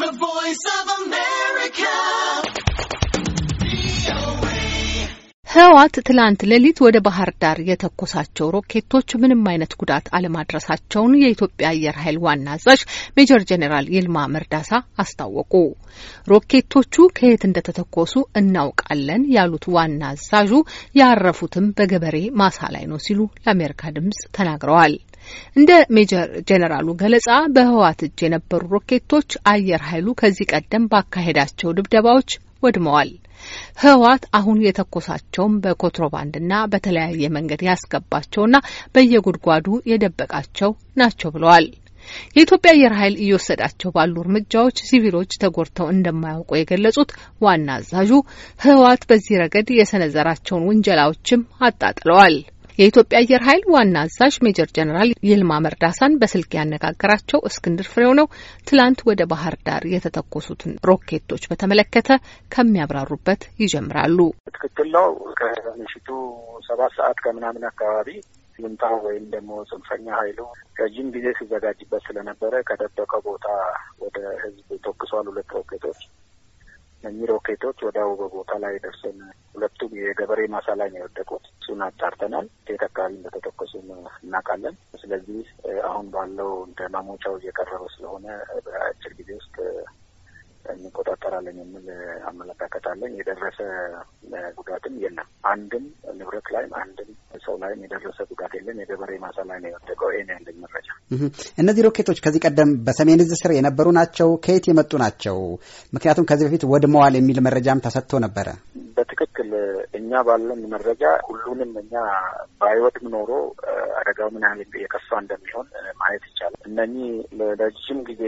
The Voice of America. ህዋት ትላንት ሌሊት ወደ ባህር ዳር የተኮሳቸው ሮኬቶች ምንም አይነት ጉዳት አለማድረሳቸውን የኢትዮጵያ አየር ኃይል ዋና አዛዥ ሜጀር ጄኔራል ይልማ መርዳሳ አስታወቁ። ሮኬቶቹ ከየት እንደተተኮሱ እናውቃለን ያሉት ዋና አዛዡ ያረፉትም በገበሬ ማሳ ላይ ነው ሲሉ ለአሜሪካ ድምጽ ተናግረዋል። እንደ ሜጀር ጄኔራሉ ገለጻ በህወሓት እጅ የነበሩ ሮኬቶች አየር ኃይሉ ከዚህ ቀደም ባካሄዳቸው ድብደባዎች ወድመዋል። ህወሓት አሁን የተኮሳቸውም በኮንትሮባንድና በተለያየ መንገድ ያስገባቸውና በየጉድጓዱ የደበቃቸው ናቸው ብለዋል። የኢትዮጵያ አየር ኃይል እየወሰዳቸው ባሉ እርምጃዎች ሲቪሎች ተጎድተው እንደማያውቁ የገለጹት ዋና አዛዡ ህወሓት በዚህ ረገድ የሰነዘራቸውን ውንጀላዎችም አጣጥለዋል። የኢትዮጵያ አየር ኃይል ዋና አዛዥ ሜጀር ጀነራል ይልማ መርዳሳን በስልክ ያነጋገራቸው እስክንድር ፍሬው ነው። ትላንት ወደ ባህር ዳር የተተኮሱትን ሮኬቶች በተመለከተ ከሚያብራሩበት ይጀምራሉ። ትክክል ነው። ከምሽቱ ሰባት ሰዓት ከምናምን አካባቢ ይምጣው ወይም ደግሞ ጽንፈኛ ኃይሉ ረዥም ጊዜ ሲዘጋጅበት ስለነበረ ከደበቀ ቦታ ወደ ህዝብ ተኩሷል። ሁለት ሮኬቶች እኚህ ሮኬቶች ወደ አውበ ቦታ ላይ ደርሰን ሁለቱም የገበሬ ማሳ ላይ ነው የወደቁት። እሱን አጣርተናል። ቴት አካባቢ እንደተተኮሱም እናውቃለን። ስለዚህ አሁን ባለው እንደ ማሞቻው እየቀረበ ስለሆነ በአጭር ጊዜ ውስጥ እንችላለን የሚል አመለካከት አለኝ። የደረሰ ጉዳትም የለም። አንድም ንብረት ላይም አንድም ሰው ላይም የደረሰ ጉዳት የለም። የገበሬ ማሳ ላይ ነው የወደቀው። ይሄ ያለኝ መረጃ። እነዚህ ሮኬቶች ከዚህ ቀደም በሰሜን እዝ ስር የነበሩ ናቸው። ከየት የመጡ ናቸው? ምክንያቱም ከዚህ በፊት ወድመዋል የሚል መረጃም ተሰጥቶ ነበረ። በትክክል እኛ ባለን መረጃ ሁሉንም እኛ ባይወድም ኖሮ አደጋው ምን ያህል የከፋ እንደሚሆን ማየት ይቻላል። እነኚህ ለረጅም ጊዜ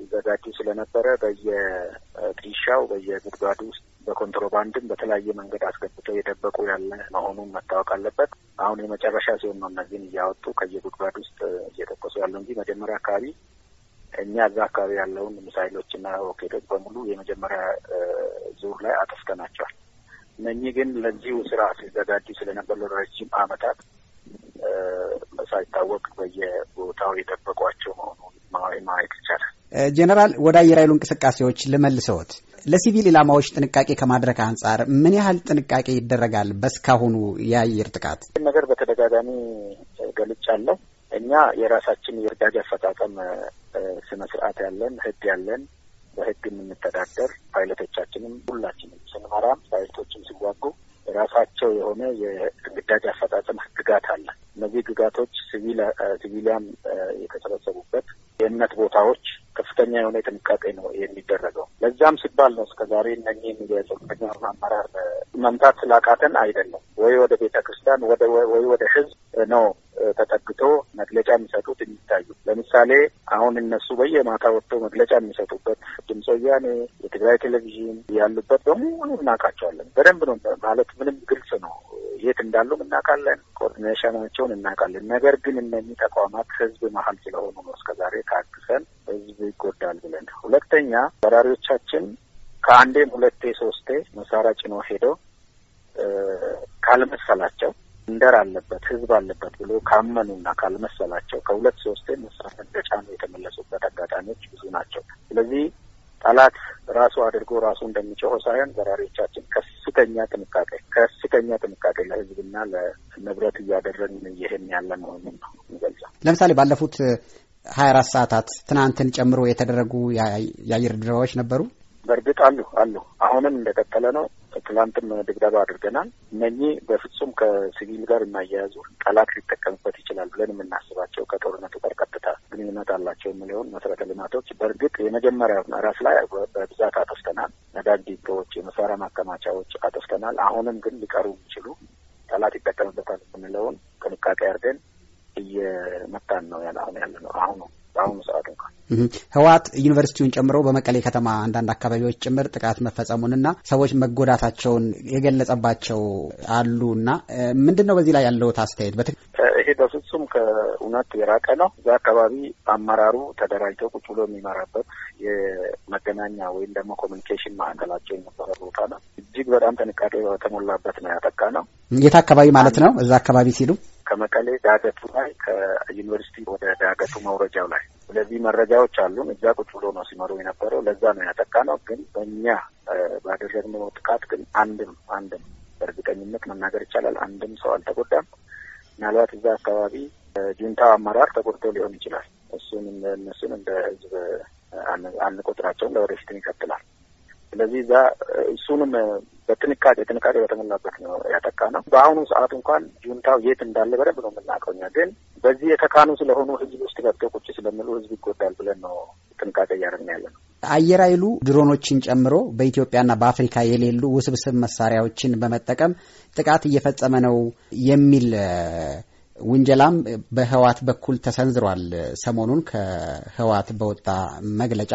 ሲዘጋጁ ስለነበረ በየጥሻው በየጉድጓዱ ውስጥ በኮንትሮባንድም በተለያየ መንገድ አስገብተው የደበቁ ያለ መሆኑን መታወቅ አለበት። አሁን የመጨረሻ ሲሆን ነው እነዚህን እያወጡ ከየጉድጓድ ውስጥ እየጠቆሱ ያለው እንጂ መጀመሪያ አካባቢ እኛ እዛ አካባቢ ያለውን ሚሳይሎችና ሮኬቶች በሙሉ የመጀመሪያ ዙር ላይ አጠፍተናቸዋል። እነኚህ ግን ለዚሁ ስራ ሲዘጋጁ ስለነበሩ ለረጅም ዓመታት ሳይታወቅ በየቦታው የጠበቋቸው መሆኑን ማየት ይቻላል። ጀነራል ወደ አየር ኃይሉ እንቅስቃሴዎች ልመልሰዎት። ለሲቪል ኢላማዎች ጥንቃቄ ከማድረግ አንጻር ምን ያህል ጥንቃቄ ይደረጋል? በስካሁኑ የአየር ጥቃት ነገር በተደጋጋሚ ገልጫለሁ። እኛ የራሳችን የእርዳጅ አፈጻጸም ስነ ስርዓት ያለን ህግ ያለን በህግ የምንተዳደር ፓይለቶቻችንም ሁላችንም ስንመራም ፓይለቶችም ሲዋጉ የራሳቸው የሆነ የግዳጅ አፈጻጸም ህግጋት አለ። እነዚህ ህግጋቶች ሲቪሊያን የተሰበሰቡበት የእምነት ቦታዎች ከፍተኛ የሆነ ጥንቃቄ ነው የሚደረገው። ለዛም ሲባል ነው እስከዛሬ እነኚህን የጽንፈኛ አመራር መምታት ስላቃተን አይደለም ወይ ወደ ቤተ ክርስቲያን ወይ ወደ ህዝብ ነው ተጠግቶ መግለጫ የሚሰጡት የሚታዩ። ለምሳሌ አሁን እነሱ በየማታ ወጥቶ መግለጫ የሚሰጡበት ድምፀ ወያኔ፣ የትግራይ ቴሌቪዥን ያሉበት በሙሉ እናውቃቸዋለን። በደንብ ነው ማለት ምንም ግልጽ ነው። የት እንዳሉም እናውቃለን፣ ኮኦርዲኔሽናቸውን እናውቃለን። ነገር ግን እነኚህ ተቋማት ህዝብ መሀል ስለሆኑ ነው እስከዛሬ ታግሰን ህዝብ ይጎዳል ብለን። ሁለተኛ በራሪዎቻችን ከአንዴም ሁለቴ ሶስቴ መሳሪያ ጭኖ ሄደው ካልመሰላቸው እንደር አለበት ህዝብ አለበት ብሎ ካመኑና ካልመሰላቸው ከሁለት ሶስቴ መሳሪያ እንደጫኑ የተመለሱበት አጋጣሚዎች ብዙ ናቸው። ስለዚህ ጠላት ራሱ አድርጎ ራሱ እንደሚጮሆ ሳይሆን በራሪዎቻችን ከፍተኛ ጥንቃቄ ከፍተኛ ጥንቃቄ ለህዝብና ለንብረት እያደረግን ይህን ያለ መሆኑን ነው የሚገልጸው። ለምሳሌ ባለፉት ሀያ አራት ሰዓታት ትናንትን ጨምሮ የተደረጉ የአየር ድብደባዎች ነበሩ። በእርግጥ አሉ አሉ። አሁንም እንደቀጠለ ነው። ትላንትም ድብደባ አድርገናል። እነኚህ በፍጹም ከሲቪል ጋር የማያያዙ ጠላት ሊጠቀምበት ይችላል ብለን የምናስባቸው ከጦርነቱ ጋር ቀጥታ ግንኙነት አላቸው የሚለውን መሰረተ ልማቶች በእርግጥ የመጀመሪያው ራስ ላይ በብዛት አጠፍተናል። ነዳጅ ዲፖዎች፣ የመሳሪያ ማከማቻዎች አጠፍተናል አሁንም ግን ሊቀሩ የሚችሉ ጠላት ይጠቀምበታል የምንለውን ጥንቃቄ አድርገን እየመጣን ነው ያለ ነው አሁኑ በአሁኑ ሰዓት እንኳን ህወሓት ዩኒቨርሲቲውን ጨምሮ በመቀሌ ከተማ አንዳንድ አካባቢዎች ጭምር ጥቃት መፈጸሙንና ሰዎች መጎዳታቸውን የገለጸባቸው አሉ እና ምንድን ነው በዚህ ላይ ያለውት አስተያየት? ይሄ በፍጹም ከእውነት የራቀ ነው። እዛ አካባቢ አመራሩ ተደራጅቶ ቁጭ ብሎ የሚመራበት የመገናኛ ወይም ደግሞ ኮሚኒኬሽን ማዕከላቸው የነበረ ቦታ ነው። እጅግ በጣም ጥንቃቄ በተሞላበት ነው ያጠቃ ነው። የት አካባቢ ማለት ነው? እዛ አካባቢ ሲሉ ከመቀሌ ዳገቱ ላይ ከዩኒቨርሲቲ ወደ ዳገቱ መውረጃው ላይ ስለዚህ መረጃዎች አሉን። እዛ ቁጭ ብሎ ነው ሲመሩ የነበረው። ለዛ ነው ያጠቃ ነው። ግን በእኛ ባደረግነው ጥቃት ግን አንድም አንድም በእርግጠኝነት መናገር ይቻላል አንድም ሰው አልተጎዳም። ምናልባት እዛ አካባቢ ጁንታው አመራር ተጎድቶ ሊሆን ይችላል። እሱን እነሱን እንደ ህዝብ አንቆጥራቸውም። ለወደፊትም ይቀጥላል። ስለዚህ እዛ እሱንም በጥንቃቄ ጥንቃቄ በተሞላበት ነው ያጠቃ ነው። በአሁኑ ሰዓት እንኳን ጁንታው የት እንዳለ በደንብ ነው የምናውቀው እኛ። ግን በዚህ የተካኑ ስለሆኑ ህዝብ ውስጥ ገብቶ ቁጭ ስለሚሉ ህዝብ ይጎዳል ብለን ነው ጥንቃቄ እያደረግን ያለ ነው። አየር ኃይሉ ድሮኖችን ጨምሮ በኢትዮጵያና በአፍሪካ የሌሉ ውስብስብ መሳሪያዎችን በመጠቀም ጥቃት እየፈጸመ ነው የሚል ውንጀላም በህዋት በኩል ተሰንዝሯል። ሰሞኑን ከህዋት በወጣ መግለጫ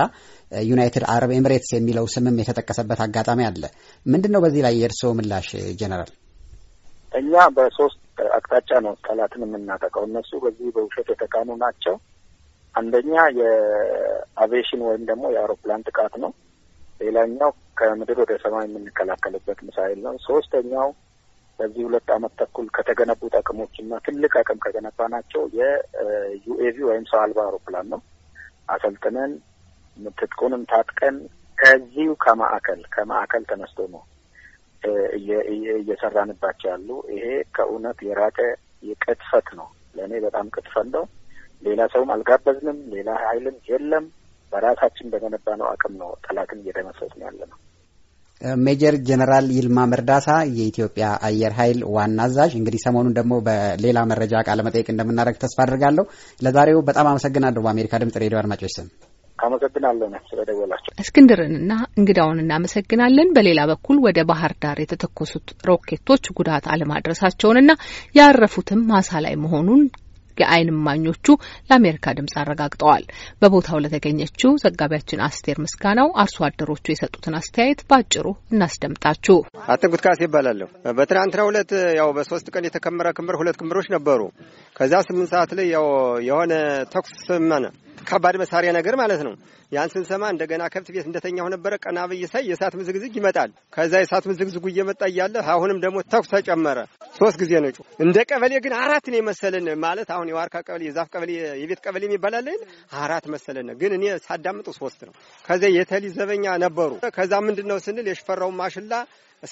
ዩናይትድ አረብ ኤምሬትስ የሚለው ስምም የተጠቀሰበት አጋጣሚ አለ። ምንድን ነው በዚህ ላይ የእርስዎ ምላሽ ጀነራል? እኛ በሶስት አቅጣጫ ነው ጠላትን የምናጠቀው። እነሱ በዚህ በውሸት የተካኑ ናቸው። አንደኛ የአቪዬሽን ወይም ደግሞ የአውሮፕላን ጥቃት ነው። ሌላኛው ከምድር ወደ ሰማይ የምንከላከልበት ሚሳይል ነው። ሶስተኛው በዚህ ሁለት አመት ተኩል ከተገነቡት አቅሞች እና ትልቅ አቅም ከገነባ ናቸው የዩኤቪ ወይም ሰው አልባ አውሮፕላን ነው። አሰልጥነን ምትጥቁንም ታጥቀን ከዚሁ ከማዕከል ከማዕከል ተነስቶ ነው እየሰራንባቸው ያሉ። ይሄ ከእውነት የራቀ የቅጥፈት ነው። ለእኔ በጣም ቅጥፈት ነው። ሌላ ሰውም አልጋበዝንም። ሌላ ኃይልም የለም። በራሳችን በገነባ ነው አቅም ነው ጠላትን እየደመሰስን ያለ ነው። ሜጀር ጀነራል ይልማ መርዳሳ የኢትዮጵያ አየር ኃይል ዋና አዛዥ፣ እንግዲህ ሰሞኑን ደግሞ በሌላ መረጃ ቃለ መጠየቅ እንደምናደርግ ተስፋ አድርጋለሁ። ለዛሬው በጣም አመሰግናለሁ። በአሜሪካ ድምጽ ሬዲዮ አድማጮች ስም አመሰግናለሁ ነው ስለደወላቸው። እስክንድርንና እንግዳውን እናመሰግናለን። በሌላ በኩል ወደ ባህር ዳር የተተኮሱት ሮኬቶች ጉዳት አለማድረሳቸውንና ያረፉትም ማሳ ላይ መሆኑን የአይን እማኞቹ ለአሜሪካ ድምጽ አረጋግጠዋል። በቦታው ለተገኘችው ዘጋቢያችን አስቴር ምስጋናው አርሶ አደሮቹ የሰጡትን አስተያየት በአጭሩ እናስደምጣችሁ። አትንኩት ካሴ ይባላለሁ። በትናንትና ሁለት ያው በሶስት ቀን የተከመረ ክምር ሁለት ክምሮች ነበሩ። ከዚያ ስምንት ሰዓት ላይ ያው የሆነ ተኩስ ሰማነ። ከባድ መሳሪያ ነገር ማለት ነው። ያን ስንሰማ እንደገና ከብት ቤት እንደተኛሁ ነበረ። ቀና ብዬ ሳይ የእሳት ምዝግዝግ ይመጣል። ከዛ የእሳት ምዝግዝጉ እየመጣ እያለ አሁንም ደግሞ ተኩስ ተጨመረ። ሶስት ጊዜ ነው ጮህ። እንደ ቀበሌ ግን አራት ነው የመሰለን ማለት አሁን የዋርካ ቀበሌ፣ የዛፍ ቀበሌ፣ የቤት ቀበሌ የሚባል አለ አራት መሰለን፣ ግን እኔ ሳዳምጡ ሶስት ነው። ከዚ የተሊ ዘበኛ ነበሩ። ከዛ ምንድን ነው ስንል የሽፈራው ማሽላ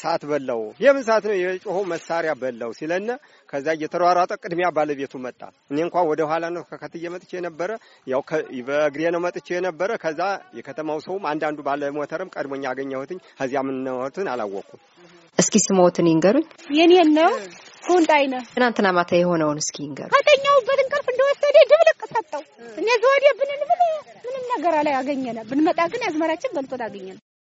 ሰዓት በላው። የምን ሰዓት ነው የጮሆ መሳሪያ በላው ሲለነ ከዛ እየተሯሯጠ ቅድሚያ ባለቤቱ መጣ። እኔ እንኳ ወደ ኋላ ነው ከከትዬ መጥቼ የነበረ ያው በእግሬ ነው መጥቼ የነበረ። ከዛ የከተማው ሰውም አንዳንዱ ባለሞተርም ቀድሞኛ ያገኘሁትኝ ከዚያ ምንነትን አላወቅኩም። እስኪ ስሞትን ይንገሩኝ። የኔ ነው ሁንዳይ ነ ትናንትና ማታ የሆነውን እስኪ ይንገሩ። ከተኛሁበት እንቅልፍ እንደወሰደ ድብልቅ ሰጠው። እኔ ዘወዴ ብንን ብል ምንም ነገር አላ አላገኘንም። ብንመጣ ግን አዝመራችን በልጦ አገኘን።